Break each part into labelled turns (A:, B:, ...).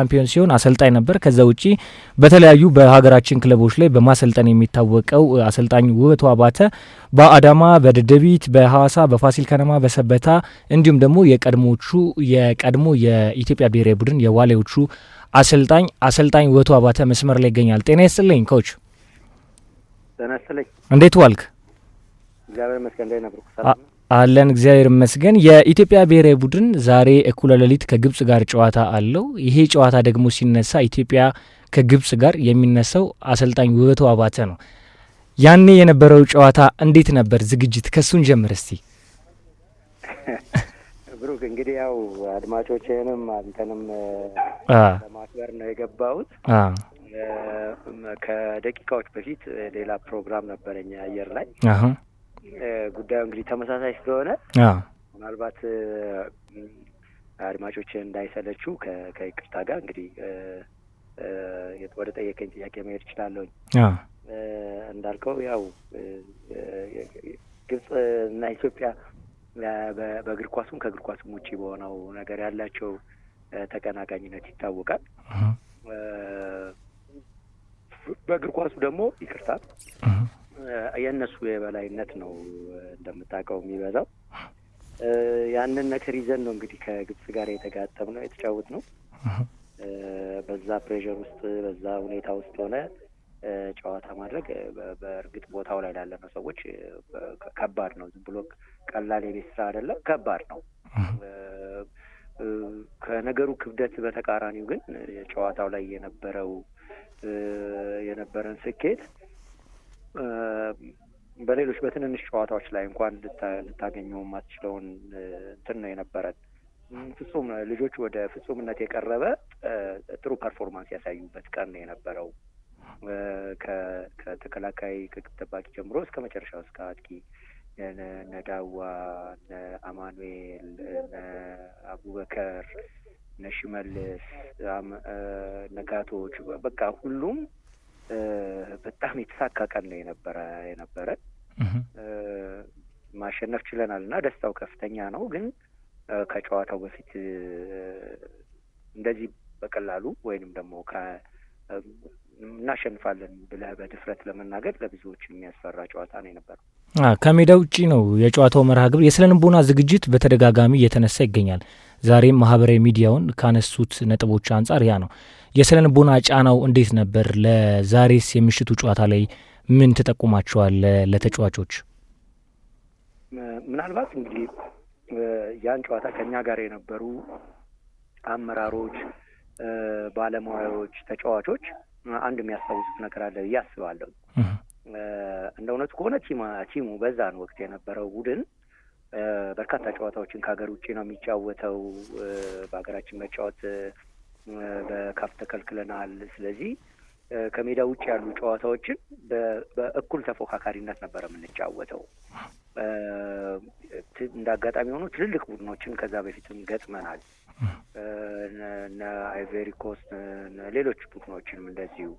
A: ሻምፒዮን ሲሆን አሰልጣኝ ነበር። ከዛ ውጪ በተለያዩ በሀገራችን ክለቦች ላይ በማሰልጠን የሚታወቀው አሰልጣኝ ውበቱ አባተ በአዳማ፣ በደደቢት፣ በሐዋሳ፣ በፋሲል ከነማ፣ በሰበታ እንዲሁም ደግሞ የቀድሞቹ የቀድሞ የኢትዮጵያ ብሔራዊ ቡድን የዋሊያዎቹ አሰልጣኝ አሰልጣኝ ውበቱ አባተ መስመር ላይ ይገኛል። ጤና ይስጥልኝ ኮች። ጤና እንዴት ዋልክ?
B: እግዚአብሔር ይመስገን።
A: አለን እግዚአብሔር ይመስገን። የኢትዮጵያ ብሔራዊ ቡድን ዛሬ እኩለ ሌሊት ከግብጽ ጋር ጨዋታ አለው። ይሄ ጨዋታ ደግሞ ሲነሳ ኢትዮጵያ ከግብጽ ጋር የሚነሳው አሰልጣኝ ውበቱ አባተ ነው። ያኔ የነበረው ጨዋታ እንዴት ነበር? ዝግጅት ከሱን ጀምር እስቲ
B: ብሩክ። እንግዲህ ያው አድማጮችንም አንተንም ለማክበር ነው የገባሁት። ከደቂቃዎች በፊት ሌላ ፕሮግራም ነበረኝ አየር ላይ ጉዳዩ እንግዲህ ተመሳሳይ ስለሆነ ምናልባት አድማጮችን እንዳይሰለችው ከይቅርታ ጋር እንግዲህ ወደ ጠየቀኝ ጥያቄ መሄድ እችላለሁኝ። እንዳልከው ያው ግብጽ እና ኢትዮጵያ በእግር ኳሱም ከእግር ኳሱም ውጭ በሆነው ነገር ያላቸው ተቀናቃኝነት ይታወቃል። በእግር ኳሱ ደግሞ ይቅርታ የእነሱ የበላይነት ነው እንደምታውቀው የሚበዛው። ያንን ነክር ይዘን ነው እንግዲህ ከግብጽ ጋር የተጋጠም ነው የተጫወት ነው። በዛ ፕሬር ውስጥ በዛ ሁኔታ ውስጥ ሆነ ጨዋታ ማድረግ በእርግጥ ቦታው ላይ ነው ሰዎች ከባድ ነው። ዝም ብሎ ቀላል የቤት ስራ አይደለም፣ ከባድ ነው። ከነገሩ ክብደት በተቃራኒው ግን ጨዋታው ላይ የነበረው የነበረን ስኬት በሌሎች በትንንሽ ጨዋታዎች ላይ እንኳን ልታገኘው የማትችለውን እንትን ነው የነበረን። ፍጹም ልጆች ወደ ፍጹምነት የቀረበ ጥሩ ፐርፎርማንስ ያሳዩበት ቀን ነው የነበረው። ከተከላካይ ከግብ ጠባቂ ጀምሮ እስከ መጨረሻው እስከ አጥቂ እነ ዳዋ እነ አማኑኤል እነ አቡበከር እነ ሽመልስ እነ ጋቶች በቃ ሁሉም በጣም የተሳካ ቀን ነው የነበረ የነበረ ማሸነፍ ችለናል እና ደስታው ከፍተኛ ነው። ግን ከጨዋታው በፊት እንደዚህ በቀላሉ ወይንም ደግሞ እናሸንፋለን ብለህ በድፍረት ለመናገር ለብዙዎች የሚያስፈራ ጨዋታ ነው የነበረው።
A: ከሜዳ ውጪ ነው የጨዋታው መርሃ ግብር። የስነ ልቦና ዝግጅት በተደጋጋሚ እየተነሳ ይገኛል። ዛሬም ማህበራዊ ሚዲያውን ካነሱት ነጥቦች አንጻር ያ ነው። የስነ ልቦና ጫናው እንዴት ነበር? ለዛሬስ የምሽቱ ጨዋታ ላይ ምን ተጠቁማቸዋል ለተጫዋቾች?
B: ምናልባት እንግዲህ ያን ጨዋታ ከኛ ጋር የነበሩ አመራሮች፣ ባለሙያዎች፣ ተጫዋቾች አንድ የሚያስታውሱት ነገር አለ ብዬ አስባለሁ። እንደ እውነቱ ከሆነ ቲሙ በዛን ወቅት የነበረው ቡድን በርካታ ጨዋታዎችን ከሀገር ውጭ ነው የሚጫወተው። በሀገራችን መጫወት በካፍ ተከልክለናል። ስለዚህ ከሜዳ ውጭ ያሉ ጨዋታዎችን በእኩል ተፎካካሪነት ነበር የምንጫወተው። እንደ አጋጣሚ ሆኖ ትልልቅ ቡድኖችን ከዛ በፊትም ገጥመናል። እነ ኮስት፣ ሌሎች ቡድኖችንም እንደዚሁ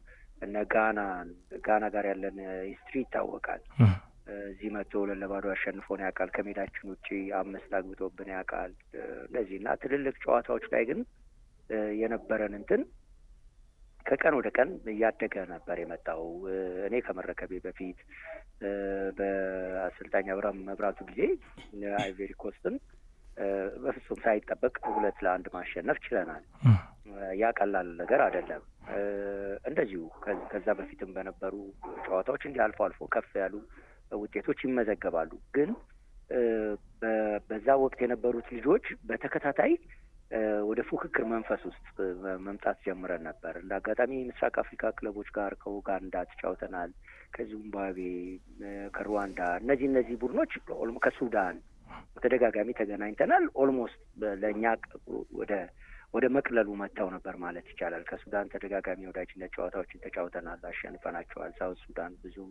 B: እነ ጋና ጋና ጋር ያለን ሂስትሪ ይታወቃል። እዚህ መጥቶ ሁለት ለባዶ ያሸንፎን ያውቃል። ከሜዳችን ውጭ አምስት አግብቶብን ያውቃል። እንደዚህ እና ትልልቅ ጨዋታዎች ላይ ግን የነበረን እንትን ከቀን ወደ ቀን እያደገ ነበር የመጣው። እኔ ከመረከቤ በፊት በአሰልጣኝ አብርሃም መብራቱ ጊዜ አይቬሪ ኮስትን በፍጹም ሳይጠበቅ ሁለት ለአንድ ማሸነፍ ችለናል። ያ ቀላል ነገር አይደለም። እንደዚሁ ከዛ በፊትም በነበሩ ጨዋታዎች እንዲህ አልፎ አልፎ ከፍ ያሉ ውጤቶች ይመዘገባሉ። ግን በዛ ወቅት የነበሩት ልጆች በተከታታይ ወደ ፉክክር መንፈስ ውስጥ መምጣት ጀምረን ነበር። እንደ አጋጣሚ ምስራቅ አፍሪካ ክለቦች ጋር ከኡጋንዳ ተጫውተናል፣ ከዚምባብዌ፣ ከሩዋንዳ እነዚህ እነዚህ ቡድኖች ከሱዳን በተደጋጋሚ ተገናኝተናል። ኦልሞስት ለእኛ ወደ ወደ መቅለሉ መጥተው ነበር ማለት ይቻላል። ከሱዳን ተደጋጋሚ ወዳጅነት ጨዋታዎችን ተጫውተናል፣ አሸንፈናቸዋል። ሳውት ሱዳን ብዙም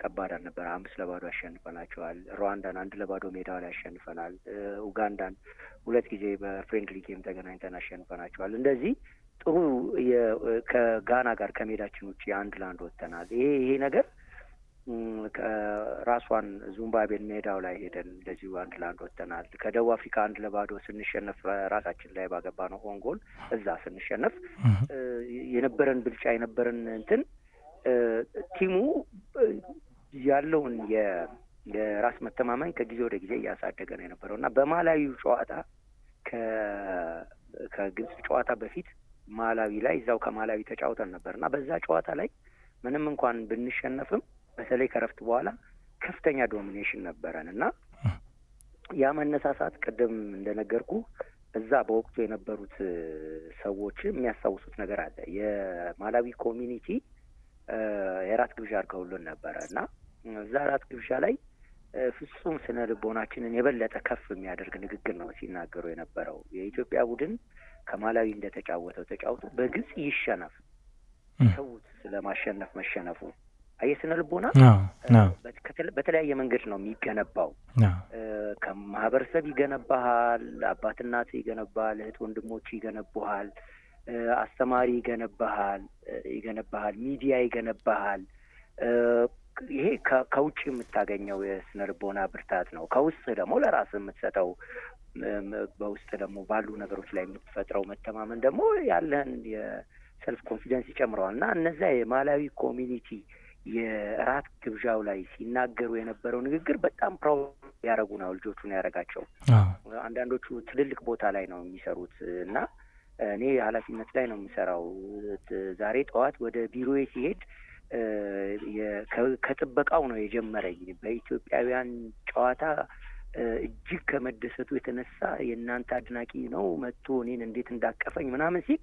B: ከባድ አልነበረ። አምስት ለባዶ አሸንፈናቸዋል። ሩዋንዳን አንድ ለባዶ ሜዳ ላይ አሸንፈናል። ኡጋንዳን ሁለት ጊዜ በፍሬንድሊ ጌም ተገናኝተን አሸንፈናቸዋል። እንደዚህ ጥሩ ከጋና ጋር ከሜዳችን ውጭ አንድ ለአንድ ወጥተናል። ይሄ ይሄ ነገር ከራሷን ዙምባቤን ሜዳው ላይ ሄደን እንደዚሁ አንድ ለአንድ ወጥተናል። ከደቡብ አፍሪካ አንድ ለባዶ ስንሸነፍ ራሳችን ላይ ባገባ ነው ኦንጎል እዛ ስንሸነፍ የነበረን ብልጫ የነበረን እንትን ቲሙ ያለውን የራስ መተማመን ከጊዜ ወደ ጊዜ እያሳደገ ነው የነበረው እና በማላዊ ጨዋታ ከግብጽ ጨዋታ በፊት ማላዊ ላይ እዛው ከማላዊ ተጫውተን ነበር እና በዛ ጨዋታ ላይ ምንም እንኳን ብንሸነፍም በተለይ ከረፍት በኋላ ከፍተኛ ዶሚኔሽን ነበረን እና ያ መነሳሳት ቅድም እንደነገርኩ እዛ በወቅቱ የነበሩት ሰዎች የሚያስታውሱት ነገር አለ። የማላዊ ኮሚኒቲ የራት ግብዣ አድርገውልን ነበረ እና እዛ ራት ግብዣ ላይ ፍጹም ስነ ልቦናችንን የበለጠ ከፍ የሚያደርግ ንግግር ነው ሲናገሩ የነበረው። የኢትዮጵያ ቡድን ከማላዊ እንደተጫወተው ተጫውቶ በግልጽ ይሸነፍ፣ ሰውት ስለማሸነፍ መሸነፉ። አየህ ስነ ልቦና በተለያየ መንገድ ነው የሚገነባው። ከማህበረሰብ ይገነባሃል፣ አባት እናት ይገነባል፣ እህት ወንድሞች ይገነቡሃል። አስተማሪ ይገነባሃል ይገነባሃል ሚዲያ ይገነባሃል። ይሄ ከውጭ የምታገኘው የስነ ልቦና ብርታት ነው። ከውስጥ ደግሞ ለራስ የምትሰጠው በውስጥ ደግሞ ባሉ ነገሮች ላይ የምትፈጥረው መተማመን ደግሞ ያለህን የሰልፍ ኮንፊደንስ ይጨምረዋል እና እነዚያ የማላዊ ኮሚኒቲ የራት ግብዣው ላይ ሲናገሩ የነበረው ንግግር በጣም ፕራውድ ያደረጉ ነው ልጆቹን ያደረጋቸው። አንዳንዶቹ ትልልቅ ቦታ ላይ ነው የሚሰሩት እና እኔ የኃላፊነት ላይ ነው የምሰራው። ዛሬ ጠዋት ወደ ቢሮዬ ሲሄድ ከጥበቃው ነው የጀመረኝ። በኢትዮጵያውያን ጨዋታ እጅግ ከመደሰቱ የተነሳ የእናንተ አድናቂ ነው መጥቶ እኔን እንዴት እንዳቀፈኝ ምናምን ሲል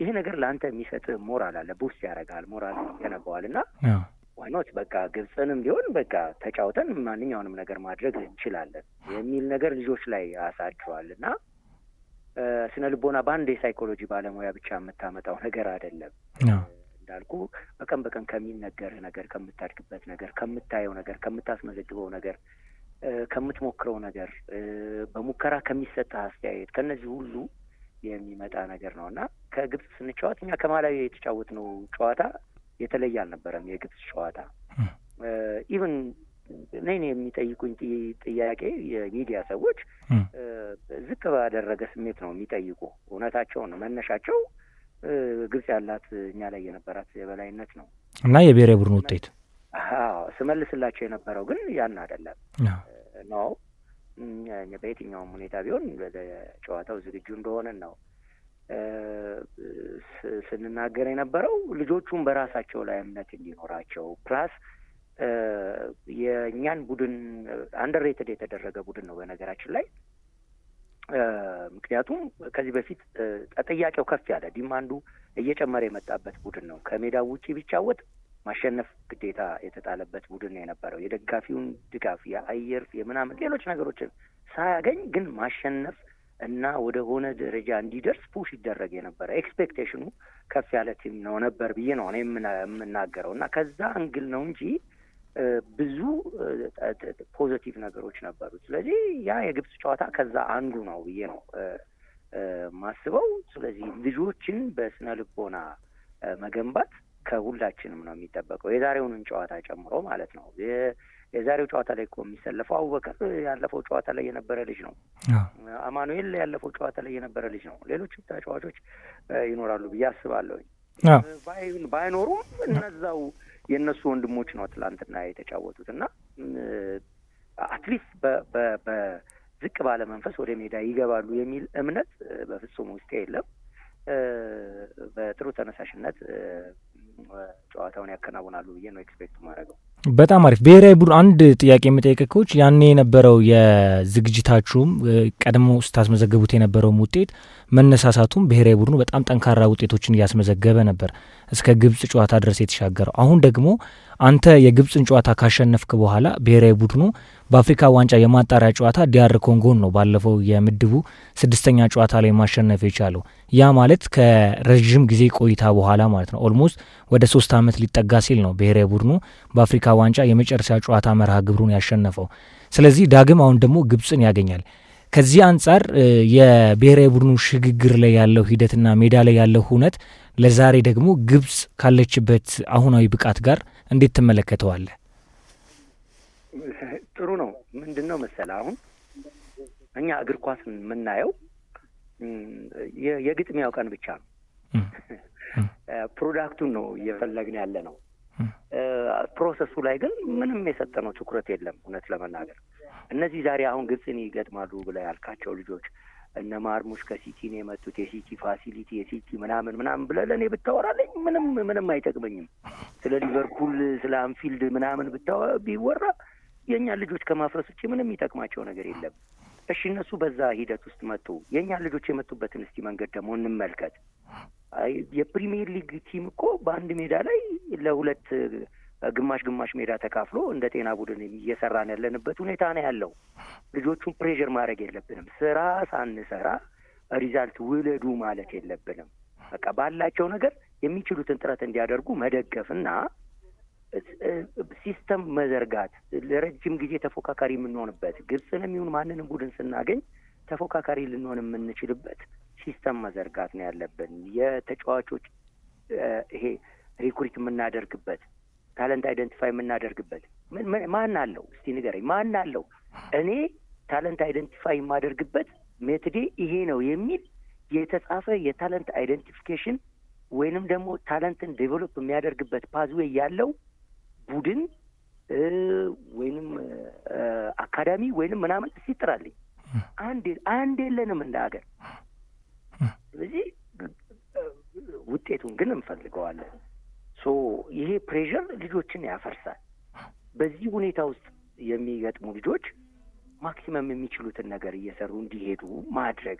B: ይሄ ነገር ለአንተ የሚሰጥ ሞራል አለ፣ ቡስ ያደርጋል፣ ሞራል ያነባዋል። እና ዋይኖት በቃ ግብፅንም ቢሆን በቃ ተጫውተን ማንኛውንም ነገር ማድረግ እንችላለን የሚል ነገር ልጆች ላይ አሳድሯል እና ስነ ልቦና በአንድ የሳይኮሎጂ ባለሙያ ብቻ የምታመጣው ነገር አይደለም። እንዳልኩ በቀን በቀን ከሚነገርህ ነገር፣ ከምታድግበት ነገር፣ ከምታየው ነገር፣ ከምታስመዘግበው ነገር፣ ከምትሞክረው ነገር፣ በሙከራ ከሚሰጥህ አስተያየት ከነዚህ ሁሉ የሚመጣ ነገር ነው እና ከግብጽ ስንጫወት እኛ ከማላዊ የተጫወትነው ጨዋታ የተለየ አልነበረም። የግብጽ ጨዋታ ኢቨን እኔን የሚጠይቁኝ ጥያቄ የሚዲያ ሰዎች ዝቅ ባደረገ ስሜት ነው የሚጠይቁ። እውነታቸውን ነው መነሻቸው ግብጽ ያላት እኛ ላይ የነበራት የበላይነት ነው
A: እና የብሔራዊ ቡድን ውጤት
B: ስመልስላቸው የነበረው ግን ያን አይደለም ነው። በየትኛውም ሁኔታ ቢሆን ለጨዋታው ዝግጁ እንደሆነን ነው ስንናገር የነበረው። ልጆቹም በራሳቸው ላይ እምነት እንዲኖራቸው ፕላስ የእኛን ቡድን አንደርሬትድ የተደረገ ቡድን ነው በነገራችን ላይ ምክንያቱም ከዚህ በፊት ጥያቄው ከፍ ያለ ዲማንዱ እየጨመረ የመጣበት ቡድን ነው። ከሜዳው ውጪ ቢጫወት ማሸነፍ ግዴታ የተጣለበት ቡድን ነው የነበረው። የደጋፊውን ድጋፍ የአየር የምናምን ሌሎች ነገሮችን ሳያገኝ ግን ማሸነፍ እና ወደ ሆነ ደረጃ እንዲደርስ ፑሽ ይደረግ የነበረ ኤክስፔክቴሽኑ ከፍ ያለ ቲም ነው ነበር ብዬ ነው የምናገረው እና ከዛ እንግል ነው እንጂ ብዙ ፖዘቲቭ ነገሮች ነበሩ። ስለዚህ ያ የግብጽ ጨዋታ ከዛ አንዱ ነው ብዬ ነው ማስበው። ስለዚህ ልጆችን በስነ ልቦና መገንባት ከሁላችንም ነው የሚጠበቀው የዛሬውንን ጨዋታ ጨምሮ ማለት ነው። የዛሬው ጨዋታ ላይ እኮ የሚሰለፈው አቡበከር ያለፈው ጨዋታ ላይ የነበረ ልጅ ነው። አማኑኤል ያለፈው ጨዋታ ላይ የነበረ ልጅ ነው። ሌሎች ተጫዋቾች ይኖራሉ ብዬ አስባለሁኝ። ባይኖሩም እነዛው የእነሱ ወንድሞች ነው ትላንትና የተጫወቱት እና አትሊስት በዝቅ ባለ መንፈስ ወደ ሜዳ ይገባሉ የሚል እምነት በፍጹም ውስጤ የለም። በጥሩ ተነሳሽነት ጨዋታውን ያከናውናሉ ብዬ ነው ኤክስፔክት ማድረገው።
A: በጣም አሪፍ ብሔራዊ ቡድን አንድ ጥያቄ የምጠይቅ ኮች ያኔ የነበረው የዝግጅታችሁም ቀድሞ ስታስመዘገቡት የነበረውም ውጤት መነሳሳቱም ብሔራዊ ቡድኑ በጣም ጠንካራ ውጤቶችን እያስመዘገበ ነበር እስከ ግብጽ ጨዋታ ድረስ የተሻገረው። አሁን ደግሞ አንተ የግብጽን ጨዋታ ካሸነፍክ በኋላ ብሔራዊ ቡድኑ በአፍሪካ ዋንጫ የማጣሪያ ጨዋታ ዲያር ኮንጎን ነው ባለፈው የምድቡ ስድስተኛ ጨዋታ ላይ ማሸነፍ የቻለው። ያ ማለት ከረዥም ጊዜ ቆይታ በኋላ ማለት ነው። ኦልሞስት ወደ ሶስት ዓመት ሊጠጋ ሲል ነው ብሔራዊ ቡድኑ በአፍሪካ የአፍሪካ ዋንጫ የመጨረሻ ጨዋታ መርሃ ግብሩን ያሸነፈው። ስለዚህ ዳግም አሁን ደግሞ ግብፅን ያገኛል። ከዚህ አንጻር የብሔራዊ ቡድኑ ሽግግር ላይ ያለው ሂደትና ሜዳ ላይ ያለው ሁነት ለዛሬ ደግሞ ግብፅ ካለችበት አሁናዊ ብቃት ጋር እንዴት ትመለከተዋለህ?
B: ጥሩ ነው። ምንድን ነው መሰለ አሁን እኛ እግር ኳስ የምናየው የግጥሚያው ቀን ብቻ ነው። ፕሮዳክቱን ነው እየፈለግን ያለ ነው። ፕሮሰሱ ላይ ግን ምንም የሰጠነው ትኩረት የለም። እውነት ለመናገር እነዚህ ዛሬ አሁን ግብፅን ይገጥማሉ ብለ ያልካቸው ልጆች እነ ማርሙሽ ከሲቲን የመጡት የሲቲ ፋሲሊቲ የሲቲ ምናምን ምናምን ብለ ለእኔ ብታወራለኝ ምንም ምንም አይጠቅመኝም። ስለ ሊቨርፑል ስለ አንፊልድ ምናምን ቢወራ የእኛን ልጆች ከማፍረስ ውጭ ምንም የሚጠቅማቸው ነገር የለም። እሺ እነሱ በዛ ሂደት ውስጥ መጡ። የእኛን ልጆች የመጡበትን እስቲ መንገድ ደግሞ እንመልከት። የፕሪሚየር ሊግ ቲም እኮ በአንድ ሜዳ ላይ ለሁለት ግማሽ ግማሽ ሜዳ ተካፍሎ እንደ ጤና ቡድን እየሰራን ያለንበት ሁኔታ ነው ያለው። ልጆቹን ፕሬዠር ማድረግ የለብንም። ስራ ሳንሰራ ሪዛልት ውለዱ ማለት የለብንም። በቃ ባላቸው ነገር የሚችሉትን ጥረት እንዲያደርጉ መደገፍ እና ሲስተም መዘርጋት ለረጅም ጊዜ ተፎካካሪ የምንሆንበት ግብፅንም ይሁን ማንንም ቡድን ስናገኝ ተፎካካሪ ልንሆን የምንችልበት ሲስተም መዘርጋት ነው ያለብን። የተጫዋቾች ይሄ ሪኩሪት የምናደርግበት ታለንት አይደንቲፋይ የምናደርግበት ማን አለው? እስቲ ንገረኝ፣ ማን አለው? እኔ ታለንት አይደንቲፋይ የማደርግበት ሜትዴ ይሄ ነው የሚል የተጻፈ የታለንት አይደንቲፊኬሽን ወይንም ደግሞ ታለንትን ዴቨሎፕ የሚያደርግበት ፓዝዌይ ያለው ቡድን ወይንም አካዳሚ ወይንም ምናምን ሲጥራልኝ አንድ አንድ የለንም እንደ ሀገር። ስለዚህ ውጤቱን ግን እንፈልገዋለን። ሶ ይሄ ፕሬሽር ልጆችን ያፈርሳል። በዚህ ሁኔታ ውስጥ የሚገጥሙ ልጆች ማክሲመም የሚችሉትን ነገር እየሰሩ እንዲሄዱ ማድረግ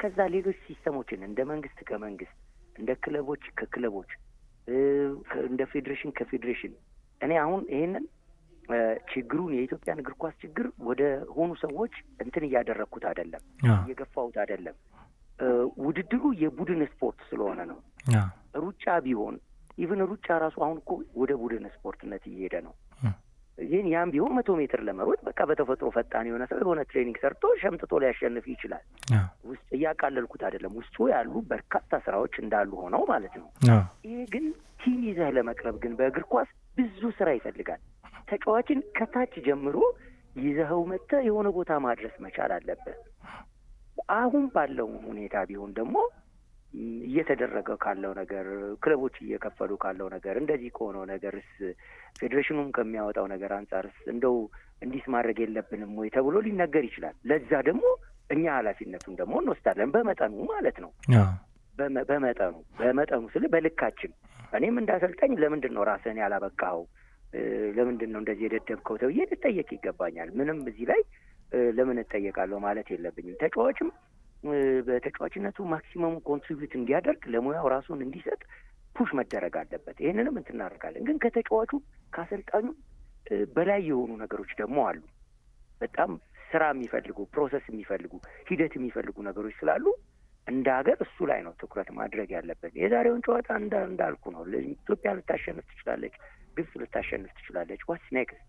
B: ከዛ ሌሎች ሲስተሞችን እንደ መንግስት ከመንግስት እንደ ክለቦች ከክለቦች እንደ ፌዴሬሽን ከፌዴሬሽን እኔ አሁን ይሄንን ችግሩን የኢትዮጵያን እግር ኳስ ችግር ወደ ሆኑ ሰዎች እንትን እያደረግኩት አይደለም፣ እየገፋሁት አይደለም። ውድድሩ የቡድን ስፖርት ስለሆነ ነው። ሩጫ ቢሆን ኢቨን ሩጫ ራሱ አሁን እኮ ወደ ቡድን ስፖርትነት እየሄደ ነው። ይህን ያም ቢሆን መቶ ሜትር ለመሮጥ በቃ በተፈጥሮ ፈጣን የሆነ ሰው የሆነ ትሬኒንግ ሰርቶ ሸምጥቶ ሊያሸንፍ ይችላል። ውስጥ እያቃለልኩት አይደለም፣ ውስጡ ያሉ በርካታ ስራዎች እንዳሉ ሆነው ማለት ነው። ይሄ ግን ቲም ይዘህ ለመቅረብ ግን በእግር ኳስ ብዙ ስራ ይፈልጋል። ተጫዋችን ከታች ጀምሮ ይዘኸው መጥተህ የሆነ ቦታ ማድረስ መቻል አለበት። አሁን ባለው ሁኔታ ቢሆን ደግሞ እየተደረገ ካለው ነገር ክለቦች እየከፈሉ ካለው ነገር እንደዚህ ከሆነው ነገርስ ፌዴሬሽኑም ከሚያወጣው ነገር አንጻርስ እንደው እንዲስ ማድረግ የለብንም ወይ ተብሎ ሊነገር ይችላል። ለዛ ደግሞ እኛ ኃላፊነቱን ደግሞ እንወስዳለን። በመጠኑ ማለት ነው። በመጠኑ በመጠኑ ስል በልካችን። እኔም እንዳሰልጣኝ ለምንድን ነው ራስህን ያላበቃኸው፣ ለምንድን ነው እንደዚህ የደደብከው ተብዬ ልጠየቅ ይገባኛል። ምንም እዚህ ላይ ለምን እጠየቃለሁ ማለት የለብኝም። ተጫዋችም በተጫዋችነቱ ማክሲመሙ ኮንትሪቢዩት እንዲያደርግ ለሙያው ራሱን እንዲሰጥ ፑሽ መደረግ አለበት። ይህንንም እንትናደርጋለን። ግን ከተጫዋቹ ከአሰልጣኙ በላይ የሆኑ ነገሮች ደግሞ አሉ። በጣም ስራ የሚፈልጉ ፕሮሰስ የሚፈልጉ ሂደት የሚፈልጉ ነገሮች ስላሉ እንደ ሀገር እሱ ላይ ነው ትኩረት ማድረግ ያለበት። የዛሬውን ጨዋታ እንዳልኩ ነው። ኢትዮጵያ ልታሸንፍ ትችላለች፣ ግብጽ ልታሸንፍ ትችላለች። ዋትስ ኔክስት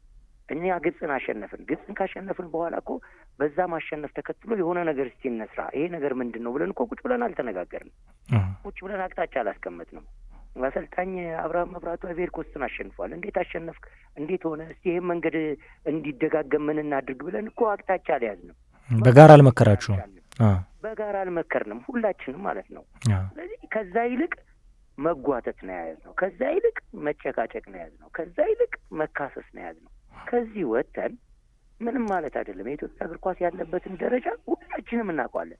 B: እኛ ግብፅን አሸነፍን። ግብፅን ካሸነፍን በኋላ እኮ በዛ ማሸነፍ ተከትሎ የሆነ ነገር እስቲ እንስራ፣ ይሄ ነገር ምንድን ነው ብለን እኮ ቁጭ ብለን አልተነጋገርንም። ቁጭ ብለን አቅጣጫ አላስቀመጥንም። አሰልጣኝ አብርሃም መብራቱ አይቬርኮስትን አሸንፏል። እንዴት አሸነፍክ? እንዴት ሆነ? እስቲ ይህም መንገድ እንዲደጋገም ምን እናድርግ ብለን እኮ አቅጣጫ አልያዝንም።
A: በጋራ አልመከራችሁም?
B: በጋራ አልመከርንም፣ ሁላችንም ማለት ነው። ስለዚህ ከዛ ይልቅ መጓተት ነው የያዝነው። ከዛ ይልቅ መጨቃጨቅ ነው የያዝነው። ከዛ ይልቅ መካሰስ ነው የያዝነው። ከዚህ ወጥተን ምንም ማለት አይደለም። የኢትዮጵያ እግር ኳስ ያለበትን ደረጃ ሁላችንም እናውቀዋለን።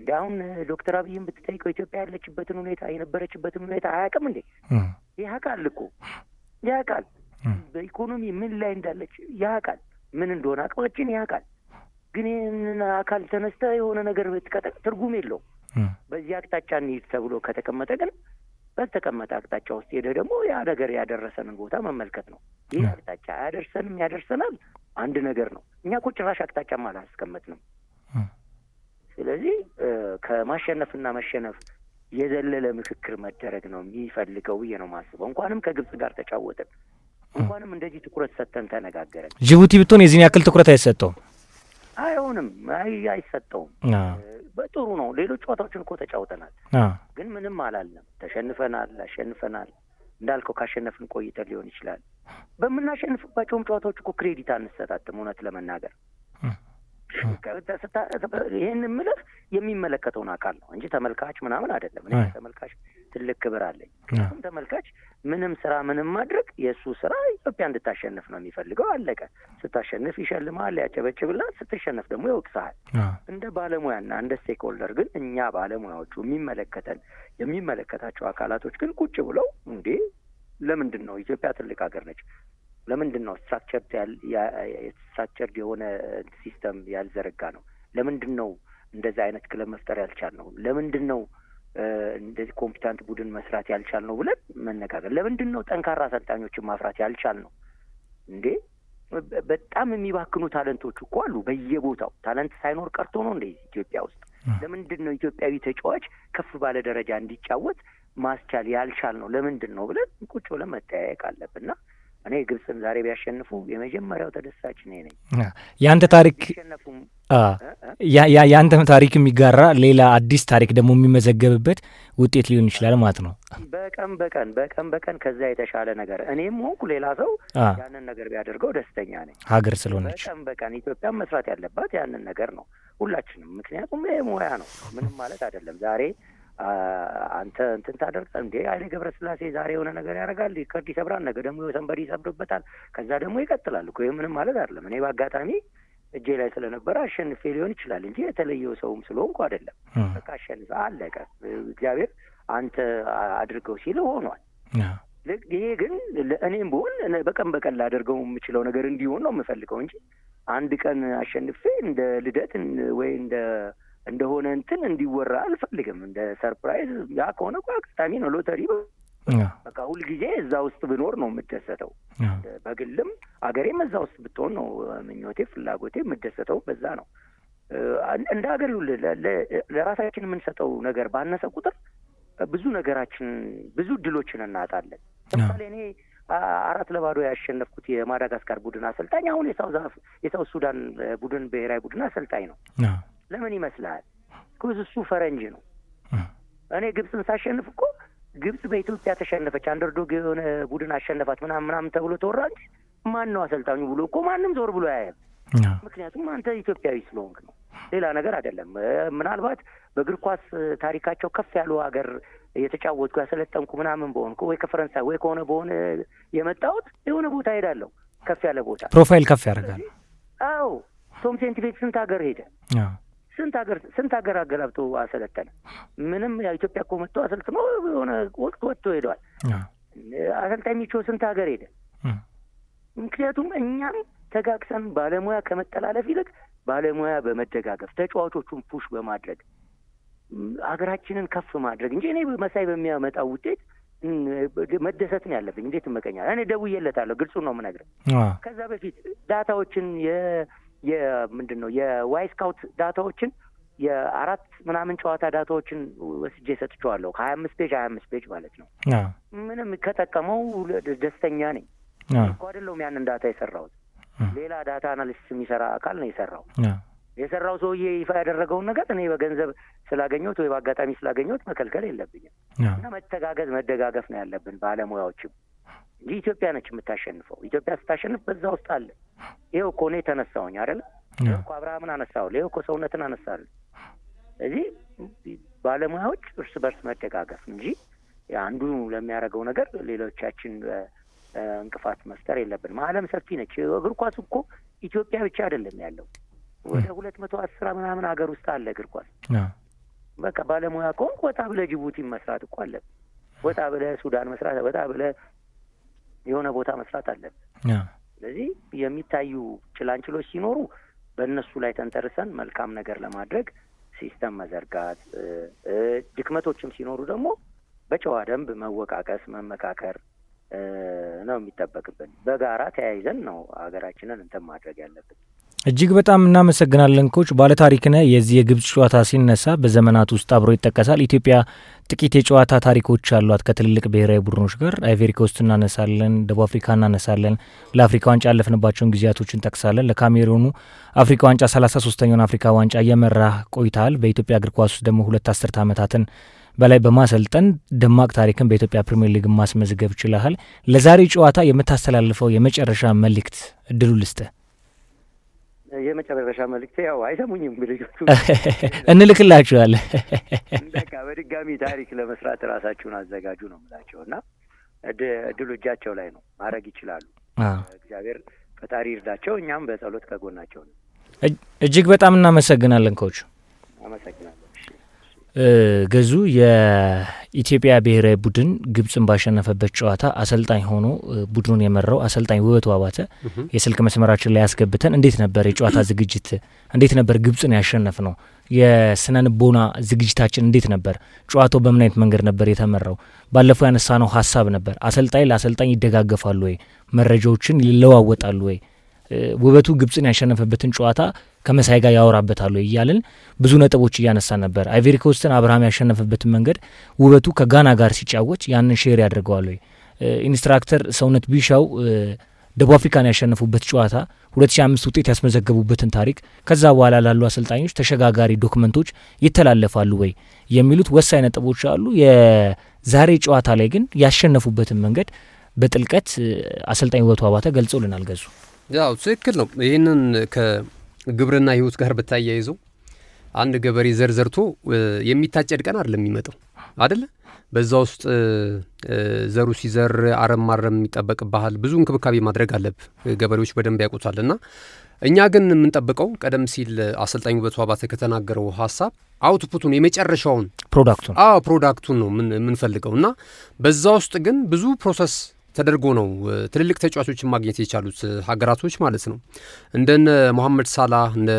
B: እንደ አሁን ዶክተር አብይን ብትጠይቀው ኢትዮጵያ ያለችበትን ሁኔታ የነበረችበትን ሁኔታ አያውቅም እንዴ? ያውቃል እኮ ያውቃል። በኢኮኖሚ ምን ላይ እንዳለች ያውቃል። ምን እንደሆነ አቅማችን ያውቃል። ግን ይህንን አካል ተነስተ የሆነ ነገር ብትቀጠቅ ትርጉም የለውም። በዚህ አቅጣጫ እንሂድ ተብሎ ከተቀመጠ ግን በተቀመጠ አቅጣጫ ውስጥ ሄደ ደግሞ ያ ነገር ያደረሰንን ቦታ መመልከት ነው። ይህ አቅጣጫ አያደርሰንም ያደርሰናል አንድ ነገር ነው። እኛ እኮ ጭራሽ አቅጣጫም አላስቀመጥንም። ስለዚህ ከማሸነፍና መሸነፍ የዘለለ ምክክር መደረግ ነው የሚፈልገው ብዬ ነው ማስበው እንኳንም ከግብጽ ጋር ተጫወጥን፣ እንኳንም እንደዚህ ትኩረት ሰጥተን ተነጋገረን።
A: ጅቡቲ ብትሆን የዚህን ያክል ትኩረት አይሰጠውም፣
B: አይሆንም፣ አይ አይሰጠውም። በጥሩ ነው። ሌሎች ጨዋታዎችን እኮ ተጫውተናል፣ ግን ምንም አላለም። ተሸንፈናል፣ አሸንፈናል። እንዳልከው ካሸነፍን ቆይተን ሊሆን ይችላል። በምናሸንፍባቸውም ጨዋታዎች እኮ ክሬዲት አንሰጣትም። እውነት ለመናገር ይህን ምልህ የሚመለከተውን አካል ነው እንጂ ተመልካች ምናምን አይደለም። እኔ ተመልካች ትልቅ ክብር አለኝ። ምክንያቱም ተመልካች ምንም ስራ ምንም ማድረግ የእሱ ስራ ኢትዮጵያ እንድታሸንፍ ነው የሚፈልገው። አለቀ። ስታሸንፍ ይሸልመሃል፣ ያጨበጭብላት፣ ስትሸነፍ ደግሞ ይወቅሰሃል። እንደ ባለሙያና እንደ ስቴክሆልደር ግን እኛ ባለሙያዎቹ የሚመለከተን የሚመለከታቸው አካላቶች ግን ቁጭ ብለው እንዴ ለምንድን ነው ኢትዮጵያ ትልቅ ሀገር ነች ለምንድን ነው ስትራክቸርድ ስትራክቸርድ የሆነ ሲስተም ያልዘረጋ ነው? ለምንድን ነው እንደዚህ አይነት ክለብ መፍጠር ያልቻል ነው? ለምንድን ነው እንደዚህ ኮምፒታንት ቡድን መስራት ያልቻል ነው ብለን መነጋገር። ለምንድን ነው ጠንካራ አሰልጣኞችን ማፍራት ያልቻል ነው? እንዴ በጣም የሚባክኑ ታለንቶች እኮ አሉ በየቦታው። ታለንት ሳይኖር ቀርቶ ነው እንደ ኢትዮጵያ ውስጥ። ለምንድን ነው ኢትዮጵያዊ ተጫዋች ከፍ ባለ ደረጃ እንዲጫወት ማስቻል ያልቻል ነው? ለምንድን ነው ብለን ቁጭ ብለን መጠያየቅ አለብን እና እኔ ግብፅን ዛሬ ቢያሸንፉ የመጀመሪያው ተደሳች እኔ ነኝ።
A: የአንተ ታሪክ የአንተ ታሪክ የሚጋራ ሌላ አዲስ ታሪክ ደግሞ የሚመዘገብበት ውጤት ሊሆን ይችላል ማለት ነው።
B: በቀን በቀን በቀን በቀን ከዛ የተሻለ ነገር እኔም ሆንኩ ሌላ ሰው ያንን ነገር ቢያደርገው ደስተኛ ነኝ።
A: ሀገር ስለሆነች
B: በቀን በቀን ኢትዮጵያ መስራት ያለባት ያንን ነገር ነው ሁላችንም። ምክንያቱም ይህ ሙያ ነው፣ ምንም ማለት አይደለም። ዛሬ አንተ እንትን ታደርጋ እንዴ ኃይሌ ገብረስላሴ ዛሬ የሆነ ነገር ያደርጋል፣ ከርድ ይሰብራል፣ ነገ ደግሞ ሰንበድ ይሰብርበታል፣ ከዛ ደግሞ ይቀጥላል እኮ ይህ ምንም ማለት አይደለም። እኔ በአጋጣሚ እጄ ላይ ስለነበረ አሸንፌ ሊሆን ይችላል እንጂ የተለየው ሰውም ስለሆንኩ አይደለም። በቃ አሸንፈ አለቀ። እግዚአብሔር አንተ አድርገው ሲል ሆኗል። ይሄ ግን እኔም ብሆን በቀን በቀን ላደርገው የምችለው ነገር እንዲሆን ነው የምፈልገው እንጂ አንድ ቀን አሸንፌ እንደ ልደት ወይ እንደ እንደሆነ እንትን እንዲወራ አልፈልግም። እንደ ሰርፕራይዝ ያ ከሆነ አጋጣሚ ነው ሎተሪ በቃ ሁልጊዜ እዛ ውስጥ ብኖር ነው የምደሰተው። በግልም አገሬም እዛ ውስጥ ብትሆን ነው ምኞቴ፣ ፍላጎቴ። የምደሰተው በዛ ነው። እንደ ሀገር ለራሳችን የምንሰጠው ነገር ባነሰ ቁጥር ብዙ ነገራችን ብዙ እድሎችን እናጣለን። ለምሳሌ እኔ አራት ለባዶ ያሸነፍኩት የማዳጋስካር ቡድን አሰልጣኝ አሁን የሳውዝ ሱዳን ቡድን ብሔራዊ ቡድን አሰልጣኝ ነው። ለምን ይመስልሃል? ግብፅ እሱ ፈረንጅ ነው። እኔ ግብፅን ሳሸንፍ እኮ ግብፅ በኢትዮጵያ ተሸነፈች፣ አንደርዶግ የሆነ ቡድን አሸነፋት ምናምን ምናምን ተብሎ ተወራ እንጂ ማን ነው አሰልጣኙ ብሎ እኮ ማንም ዞር ብሎ ያያል። ምክንያቱም አንተ ኢትዮጵያዊ ስለሆንክ ነው፣ ሌላ ነገር አይደለም። ምናልባት በእግር ኳስ ታሪካቸው ከፍ ያሉ ሀገር የተጫወትኩ ያሰለጠንኩ ምናምን በሆንኩ ወይ ከፈረንሳይ ወይ ከሆነ በሆነ የመጣሁት የሆነ ቦታ ሄዳለሁ፣ ከፍ ያለ ቦታ
A: ፕሮፋይል ከፍ ያደርጋል።
B: አዎ ቶም ሴንት ስንት ሀገር ሄደ ስንት ሀገር ስንት ሀገር አገላብጦ አሰለጠነ። ምንም ኢትዮጵያ እኮ መጥቶ አሰልጥኖ የሆነ ወቅት ወጥቶ ሄደዋል። አሰልጣኝ ሚቾ ስንት ሀገር ሄደ። ምክንያቱም እኛም ተጋግሰን ባለሙያ ከመጠላለፍ ይልቅ ባለሙያ በመደጋገፍ ተጫዋቾቹን ፑሽ በማድረግ ሀገራችንን ከፍ ማድረግ እንጂ እኔ መሳይ በሚያመጣው ውጤት መደሰት ነው ያለብኝ። እንዴት እመቀኛለሁ? እኔ ደውዬለታለሁ፣ ግልጹ ነው የምነግርህ። ከዛ በፊት ዳታዎችን የምንድን ነው የዋይ ስካውት ዳታዎችን የአራት ምናምን ጨዋታ ዳታዎችን ወስጄ ሰጥቼዋለሁ። ከሀያ አምስት ፔጅ ሀያ አምስት ፔጅ ማለት ነው። ምንም ከጠቀመው ደስተኛ ነኝ እኮ አይደለሁም ያንን ዳታ የሰራሁት። ሌላ ዳታ አናሊስት የሚሰራ አካል ነው የሰራው። የሰራው ሰውዬ ይፋ ያደረገውን ነገር እኔ በገንዘብ ስላገኘሁት ወይ በአጋጣሚ ስላገኘሁት መከልከል የለብኝም እና መተጋገዝ መደጋገፍ ነው ያለብን ባለሙያዎችም እንጂ ኢትዮጵያ ነች የምታሸንፈው። ኢትዮጵያ ስታሸንፍ በዛ ውስጥ አለ ይኸው እኮ እኔ ተነሳሁኝ አይደለ? ይኸው እኮ አብርሃምን አነሳሁልህ፣ ይኸው እኮ ሰውነትን አነሳልህ። እዚህ ባለሙያዎች እርስ በርስ መደጋገፍ እንጂ አንዱ ለሚያደርገው ነገር ሌሎቻችን እንቅፋት መፍጠር የለብንም። ዓለም ሰፊ ነች። እግር ኳስ እኮ ኢትዮጵያ ብቻ አይደለም ያለው ወደ ሁለት መቶ አስር ምናምን ሀገር ውስጥ አለ እግር ኳስ። በቃ ባለሙያ ከሆንክ ወጣ ብለህ ጅቡቲ መስራት እኮ አለብህ። ወጣ ብለህ ሱዳን መስራት፣ ወጣ ብለህ የሆነ ቦታ መስራት አለብህ። ስለዚህ የሚታዩ ጭላንጭሎች ሲኖሩ በእነሱ ላይ ተንተርሰን መልካም ነገር ለማድረግ ሲስተም መዘርጋት፣ ድክመቶችም ሲኖሩ ደግሞ በጨዋ ደንብ መወቃቀስ፣ መመካከር ነው የሚጠበቅብን። በጋራ ተያይዘን ነው ሀገራችንን እንትን ማድረግ ያለብን።
A: እጅግ በጣም እናመሰግናለን ኮች ባለታሪክነ። የዚህ የግብጽ ጨዋታ ሲነሳ በዘመናት ውስጥ አብሮ ይጠቀሳል። ኢትዮጵያ ጥቂት የጨዋታ ታሪኮች አሏት ከትልልቅ ብሔራዊ ቡድኖች ጋር። አይቬሪ እናነሳለን፣ ደቡብ አፍሪካ እናነሳለን። ለአፍሪካ ዋንጫ ያለፍንባቸውን ጊዜያቶች እንጠቅሳለን። ለካሜሩኑ አፍሪካ ዋንጫ 3 ሶስተኛውን አፍሪካ ዋንጫ እየመራ ቆይታል። በኢትዮጵያ እግር ኳስ ውስጥ ደግሞ ሁለት አስርት ዓመታትን በላይ በማሰልጠን ደማቅ ታሪክን በኢትዮጵያ ፕሪምየር ሊግ ማስመዝገብ ችለሃል። ለዛሬ ጨዋታ የምታስተላልፈው የመጨረሻ መልእክት እድሉ ልስጥህ።
B: የመጨረሻ መልእክቴ ያው አይሰሙኝም
A: ልጆቹ፣ እንልክላችኋል
B: በቃ በድጋሚ ታሪክ ለመስራት ራሳችሁን አዘጋጁ ነው የምላቸው እና እድሉ እጃቸው ላይ ነው፣ ማድረግ ይችላሉ። እግዚአብሔር ፈጣሪ ይርዳቸው። እኛም በጸሎት ከጎናቸው ነው።
A: እጅግ በጣም እናመሰግናለን ኮቹ፣ አመሰግናለን። ገዙ የኢትዮጵያ ብሔራዊ ቡድን ግብፅን ባሸነፈበት ጨዋታ አሰልጣኝ ሆኖ ቡድኑን የመራው አሰልጣኝ ውበቱ አባተ የስልክ መስመራችን ላይ ያስገብተን እንዴት ነበር የጨዋታ ዝግጅት እንዴት ነበር ግብፅን ያሸነፍ ነው የስነንቦና ዝግጅታችን እንዴት ነበር ጨዋታው በምን አይነት መንገድ ነበር የተመራው ባለፈው ያነሳነው ሀሳብ ነበር አሰልጣኝ ለአሰልጣኝ ይደጋገፋሉ ወይ መረጃዎችን ይለዋወጣሉ ወይ ውበቱ ግብፅን ያሸነፈበትን ጨዋታ ከመሳይ ጋር ያወራበታሉ እያልን ብዙ ነጥቦች እያነሳ ነበር። አይቬሪኮስትን አብርሃም ያሸነፈበትን መንገድ ውበቱ ከጋና ጋር ሲጫወች ያንን ሼር ያደርገዋል። ኢንስትራክተር ሰውነት ቢሻው ደቡብ አፍሪካን ያሸነፉበት ጨዋታ 2005 ውጤት ያስመዘገቡበትን ታሪክ ከዛ በኋላ ላሉ አሰልጣኞች ተሸጋጋሪ ዶክመንቶች ይተላለፋሉ ወይ የሚሉት ወሳኝ ነጥቦች አሉ። የዛሬ ጨዋታ ላይ ግን ያሸነፉበትን መንገድ በጥልቀት አሰልጣኝ ውበቱ አባተ ገልጾልናል። ገዙ
B: ያው ትክክል ነው። ይህንን ከግብርና ህይወት ጋር ብታያይዘው አንድ ገበሬ ዘር ዘርቶ የሚታጨድ ቀን አይደለም የሚመጣው አደለ? በዛ ውስጥ ዘሩ ሲዘር አረም ማረም ባህል ብዙ እንክብካቤ ማድረግ አለብ። ገበሬዎች በደንብ ያውቁታል። እና እኛ ግን የምንጠብቀው ቀደም ሲል አሰልጣኝ ውበቱ አባተ ከተናገረው ሀሳብ አውትፑቱን የመጨረሻውን ፕሮዳክቱን ፕሮዳክቱን ነው የምንፈልገው እና በዛ ውስጥ ግን ብዙ ፕሮሰስ ተደርጎ ነው ትልልቅ ተጫዋቾችን ማግኘት የቻሉት ሀገራቶች ማለት ነው። እንደነ ሞሐመድ ሳላ እንደ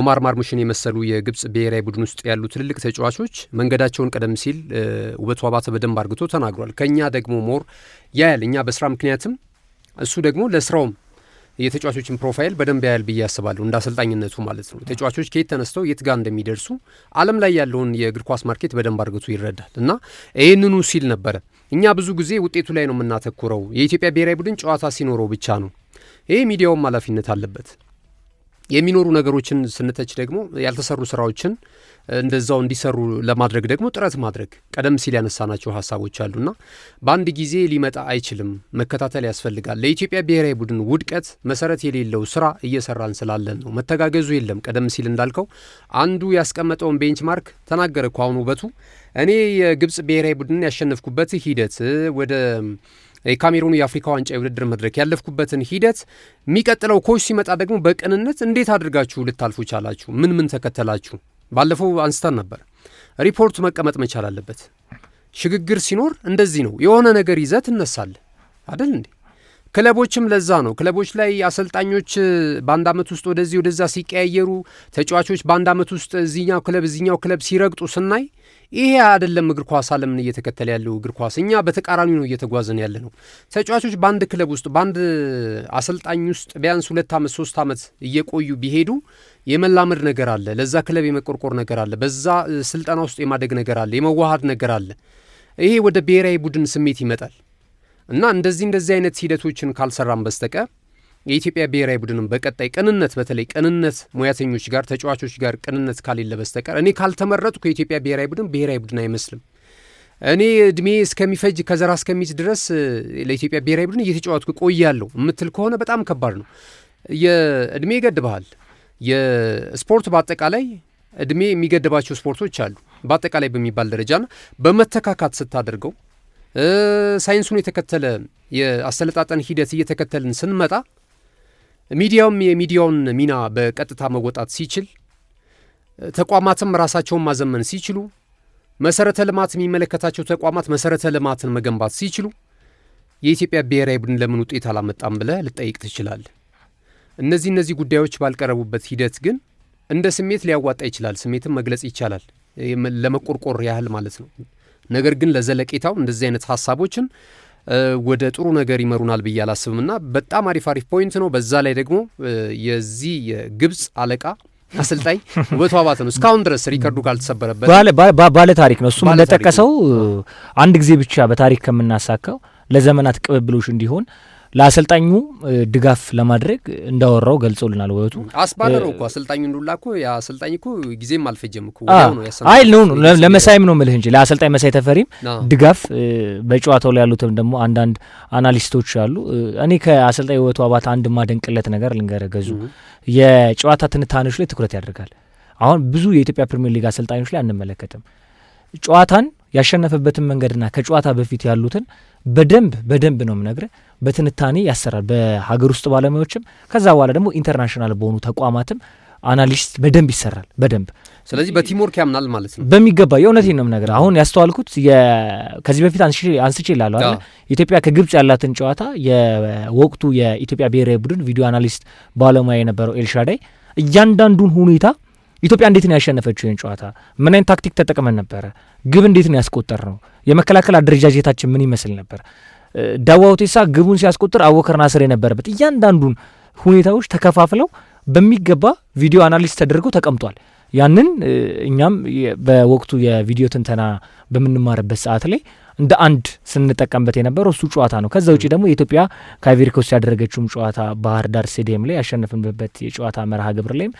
B: ኦማር ማርሙሽን የመሰሉ የግብጽ ብሔራዊ ቡድን ውስጥ ያሉ ትልልቅ ተጫዋቾች መንገዳቸውን ቀደም ሲል ውበቱ አባተ በደንብ አርግቶ ተናግሯል። ከእኛ ደግሞ ሞር ያያል። እኛ በስራ ምክንያትም እሱ ደግሞ ለስራውም የተጫዋቾችን ፕሮፋይል በደንብ ያያል ብዬ አስባለሁ እንደ አሰልጣኝነቱ ማለት ነው። ተጫዋቾች ከየት ተነስተው የት ጋር እንደሚደርሱ ዓለም ላይ ያለውን የእግር ኳስ ማርኬት በደንብ አድርግቶ ይረዳል እና ይህንኑ ሲል ነበረ እኛ ብዙ ጊዜ ውጤቱ ላይ ነው የምናተኩረው። የኢትዮጵያ ብሔራዊ ቡድን ጨዋታ ሲኖረው ብቻ ነው። ይህ ሚዲያውም ኃላፊነት አለበት። የሚኖሩ ነገሮችን ስንተች ደግሞ ያልተሰሩ ስራዎችን እንደዛው እንዲሰሩ ለማድረግ ደግሞ ጥረት ማድረግ ቀደም ሲል ያነሳናቸው ሀሳቦች አሉና በአንድ ጊዜ ሊመጣ አይችልም። መከታተል ያስፈልጋል። ለኢትዮጵያ ብሔራዊ ቡድን ውድቀት መሰረት የሌለው ስራ እየሰራን ስላለን ነው። መተጋገዙ የለም። ቀደም ሲል እንዳልከው አንዱ ያስቀመጠውን ቤንችማርክ ተናገረ እኮ አሁን ውበቱ። እኔ የግብጽ ብሔራዊ ቡድንን ያሸነፍኩበት ሂደት ወደ የካሜሩኑ የአፍሪካ ዋንጫ የውድድር መድረክ ያለፍኩበትን ሂደት የሚቀጥለው ኮች ሲመጣ ደግሞ በቅንነት እንዴት አድርጋችሁ ልታልፉ ቻላችሁ? ምን ምን ተከተላችሁ? ባለፈው አንስተን ነበር። ሪፖርት መቀመጥ መቻል አለበት። ሽግግር ሲኖር እንደዚህ ነው። የሆነ ነገር ይዘት እነሳል አደል እንዴ? ክለቦችም ለዛ ነው። ክለቦች ላይ አሰልጣኞች በአንድ ዓመት ውስጥ ወደዚህ ወደዛ ሲቀያየሩ፣ ተጫዋቾች በአንድ ዓመት ውስጥ እዚኛው ክለብ እዚኛው ክለብ ሲረግጡ ስናይ ይሄ አይደለም እግር ኳስ አለምን እየተከተለ ያለው እግር ኳስ። እኛ በተቃራኒ ነው እየተጓዘን ያለ ነው። ተጫዋቾች በአንድ ክለብ ውስጥ በአንድ አሰልጣኝ ውስጥ ቢያንስ ሁለት ዓመት ሶስት ዓመት እየቆዩ ቢሄዱ የመላመድ ነገር አለ፣ ለዛ ክለብ የመቆርቆር ነገር አለ፣ በዛ ስልጠና ውስጥ የማደግ ነገር አለ፣ የመዋሃድ ነገር አለ። ይሄ ወደ ብሔራዊ ቡድን ስሜት ይመጣል እና እንደዚህ እንደዚህ አይነት ሂደቶችን ካልሰራም በስተቀር የኢትዮጵያ ብሔራዊ ቡድንም በቀጣይ ቅንነት በተለይ ቅንነት ሙያተኞች ጋር ተጫዋቾች ጋር ቅንነት ካሌለ በስተቀር እኔ ካልተመረጥኩ የኢትዮጵያ ብሔራዊ ቡድን ብሔራዊ ቡድን አይመስልም። እኔ እድሜ እስከሚፈጅ ከዘራ እስከሚት ድረስ ለኢትዮጵያ ብሔራዊ ቡድን እየተጫወትኩ ቆያለሁ የምትል ከሆነ በጣም ከባድ ነው። የእድሜ ይገድብሃል። የስፖርት በአጠቃላይ እድሜ የሚገድባቸው ስፖርቶች አሉ። በአጠቃላይ በሚባል ደረጃና በመተካካት ስታደርገው ሳይንሱን የተከተለ የአሰለጣጠን ሂደት እየተከተልን ስንመጣ ሚዲያውም የሚዲያውን ሚና በቀጥታ መወጣት ሲችል፣ ተቋማትም ራሳቸውን ማዘመን ሲችሉ፣ መሰረተ ልማት የሚመለከታቸው ተቋማት መሰረተ ልማትን መገንባት ሲችሉ የኢትዮጵያ ብሔራዊ ቡድን ለምን ውጤት አላመጣም ብለህ ልጠይቅ ትችላል። እነዚህ እነዚህ ጉዳዮች ባልቀረቡበት ሂደት ግን እንደ ስሜት ሊያዋጣ ይችላል። ስሜትም መግለጽ ይቻላል፣ ለመቆርቆር ያህል ማለት ነው። ነገር ግን ለዘለቄታው እንደዚህ አይነት ሀሳቦችን ወደ ጥሩ ነገር ይመሩናል ብዬ አላስብም። ና በጣም አሪፍ አሪፍ ፖይንት ነው። በዛ ላይ ደግሞ የዚህ የግብፅ አለቃ አሰልጣኝ ውበቱ አባተ ነው። እስካሁን ድረስ ሪከርዱ ካልተሰበረበት ባለ ታሪክ ነው። እሱም እንደጠቀሰው አንድ ጊዜ ብቻ በታሪክ ከምናሳካው ለዘመናት ቅብብሎች እንዲሆን ለአሰልጣኙ ድጋፍ ለማድረግ እንዳወራው ገልጾልናል። ወቱ አስባረሩ እኮ አሰልጣኙ እንዱላ እኮ የአሰልጣኝ እኮ ጊዜም አልፈጀም እኮ አይ ነው ለመሳይም ነው ምልህ እንጂ ለአሰልጣኝ መሳይ ተፈሪም ድጋፍ በጨዋታው ላይ ያሉትም ደግሞ አንዳንድ አናሊስቶች አሉ። እኔ ከአሰልጣኝ ውበቱ አባት አንድ ማደንቅለት ነገር ገዙ የጨዋታ ትንታኔዎች ላይ ትኩረት ያደርጋል። አሁን ብዙ የኢትዮጵያ ፕሪሚየር ሊግ አሰልጣኞች ላይ አንመለከትም ጨዋታን ያሸነፈበትን መንገድና ከጨዋታ በፊት ያሉትን በደንብ በደንብ ነው የምነግርህ በትንታኔ ያሰራል በሀገር ውስጥ ባለሙያዎችም ከዛ በኋላ ደግሞ ኢንተርናሽናል በሆኑ ተቋማትም አናሊስት በደንብ ይሰራል በደንብ ስለዚህ በቲምወርክ ያምናል ማለት ነው በሚገባ የእውነት ነው የምነግርህ አሁን ያስተዋልኩት ከዚህ በፊት አንስቼ እላለሁ ኢትዮጵያ ከግብጽ ያላትን ጨዋታ የወቅቱ የኢትዮጵያ ብሔራዊ ቡድን ቪዲዮ አናሊስት ባለሙያ የነበረው ኤልሻዳይ እያንዳንዱን ሁኔታ ኢትዮጵያ እንዴት ነው ያሸነፈችው? ይህን ጨዋታ ምን አይነት ታክቲክ ተጠቅመን ነበረ? ግብ እንዴት ነው ያስቆጠር ነው? የመከላከል አደረጃጀታችን ምን ይመስል ነበር? ዳዋው ቴሳ ግቡን ሲያስቆጥር አወከር ናስር የነበረበት እያንዳንዱን ሁኔታዎች ተከፋፍለው በሚገባ ቪዲዮ አናሊስት ተደርገው ተቀምጧል። ያንን እኛም በወቅቱ የቪዲዮ ትንተና በምንማርበት ሰዓት ላይ እንደ አንድ ስንጠቀምበት የነበረው እሱ ጨዋታ ነው። ከዛ ውጭ ደግሞ የኢትዮጵያ ከአይቮሪ ያደረገችውም ጨዋታ ባህር ዳር ስቴዲየም ላይ ያሸነፍንበት የጨዋታ መርሃ ግብር ላይም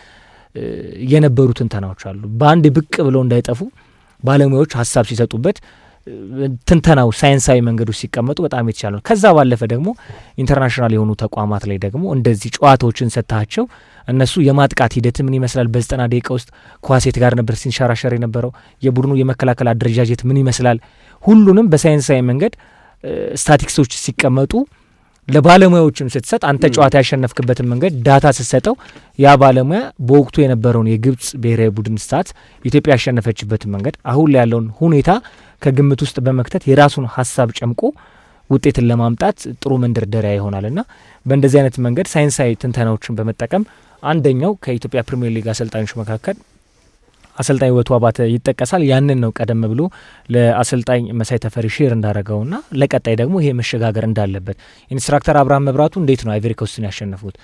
B: የነበሩ ትንተናዎች አሉ። በአንድ ብቅ ብለው እንዳይጠፉ ባለሙያዎች ሀሳብ ሲሰጡበት ትንተናው ሳይንሳዊ መንገዶች ሲቀመጡ በጣም የተቻለ ነው። ከዛ ባለፈ ደግሞ ኢንተርናሽናል የሆኑ ተቋማት ላይ ደግሞ እንደዚህ ጨዋታዎችን ሰጥታቸው እነሱ የማጥቃት ሂደት ምን ይመስላል፣ በዘጠና ደቂቃ ውስጥ ኳሴት ጋር ነበር ሲንሸራሸር የነበረው የቡድኑ የመከላከል አደረጃጀት ምን ይመስላል፣ ሁሉንም በሳይንሳዊ መንገድ ስታቲክሶች ሲቀመጡ ለባለሙያዎችም ስትሰጥ አንተ ጨዋታ ያሸነፍክበትን መንገድ ዳታ ስትሰጠው ያ ባለሙያ በወቅቱ የነበረውን የግብፅ ብሔራዊ ቡድን ስታት ኢትዮጵያ ያሸነፈችበትን መንገድ አሁን ላይ ያለውን ሁኔታ ከግምት ውስጥ በመክተት የራሱን ሀሳብ ጨምቆ ውጤትን ለማምጣት ጥሩ መንደርደሪያ ይሆናል እና በእንደዚህ አይነት መንገድ ሳይንሳዊ ትንተናዎችን በመጠቀም አንደኛው ከኢትዮጵያ ፕሪምየር ሊግ አሰልጣኞች መካከል አሰልጣኝ ውበቱ አባተ ይጠቀሳል። ያንን ነው ቀደም ብሎ ለአሰልጣኝ መሳይ ተፈሪ ሼር ና ለቀጣይ ደግሞ ይሄ መሸጋገር እንዳለበት ኢንስትራክተር አብርሃም መብራቱ እንዴት ነው አይቨሪ ኮስትን ያሸነፉት?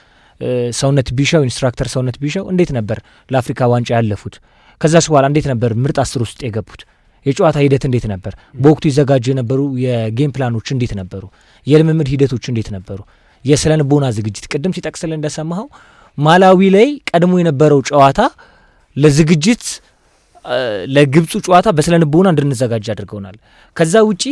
B: ሰውነት ቢሻው ኢንስትራክተር ሰውነት ቢሻው እንዴት ነበር ለአፍሪካ ዋንጫ ያለፉት? ከዛስ በኋላ እንዴት ነበር ምርጥ አስር ውስጥ የገቡት? የጨዋታ ሂደት እንዴት ነበር? በወቅቱ ይዘጋጁ የነበሩ የጌም ፕላኖች እንዴት ነበሩ? የልምምድ ሂደቶች እንዴት ነበሩ? የስነ ልቦና ዝግጅት ቅድም ሲጠቅስል እንደሰማኸው ማላዊ ላይ ቀድሞ የነበረው ጨዋታ ለዝግጅት ለግብፁ ጨዋታ በስነ ልቦና እንድንዘጋጅ አድርገውናል። ከዛ ውጪ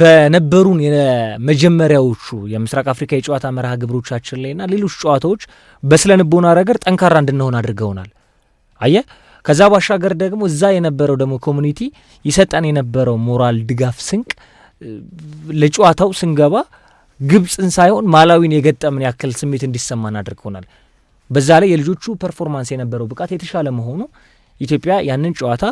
B: በነበሩን የመጀመሪያዎቹ የምስራቅ አፍሪካ የጨዋታ መርሃ ግብሮቻችን ላይና ሌሎች ጨዋታዎች በስነ ልቦና ረገድ ጠንካራ እንድንሆን አድርገውናል። አየ ከዛ ባሻገር ደግሞ እዛ የነበረው ደግሞ ኮሚኒቲ ይሰጠን የነበረው ሞራል ድጋፍ፣ ስንቅ ለጨዋታው ስንገባ ግብፅን ሳይሆን ማላዊን የገጠምን ያክል ስሜት እንዲሰማን አድርገውናል። በዛ ላይ የልጆቹ ፐርፎርማንስ የነበረው ብቃት የተሻለ መሆኑ ኢትዮጵያ ያንን ጨዋታ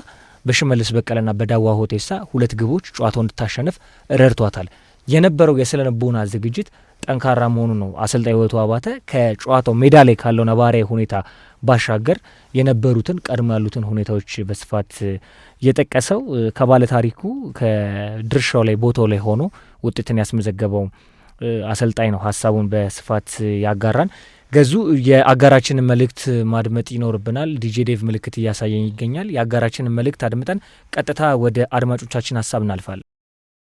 B: በሽመልስ በቀለና በዳዋ ሆቴሳ ሁለት ግቦች ጨዋታው እንድታሸንፍ ረድቷታል። የነበረው የስነልቦና ዝግጅት ጠንካራ መሆኑ ነው። አሰልጣኝ ውበቱ አባተ ከጨዋታው ሜዳ ላይ ካለው ነባራዊ ሁኔታ ባሻገር የነበሩትን ቀድሞ ያሉትን ሁኔታዎች በስፋት የጠቀሰው ከባለ ታሪኩ ከድርሻው ላይ ቦታው ላይ ሆኖ ውጤትን ያስመዘገበው አሰልጣኝ ነው። ሀሳቡን በስፋት ያጋራን። ገዙ የአጋራችንን መልእክት ማድመጥ ይኖርብናል። ዲጄ ዴቭ ምልክት እያሳየኝ ይገኛል። የአጋራችንን መልእክት አድምጠን ቀጥታ ወደ አድማጮቻችን ሀሳብ እናልፋለን።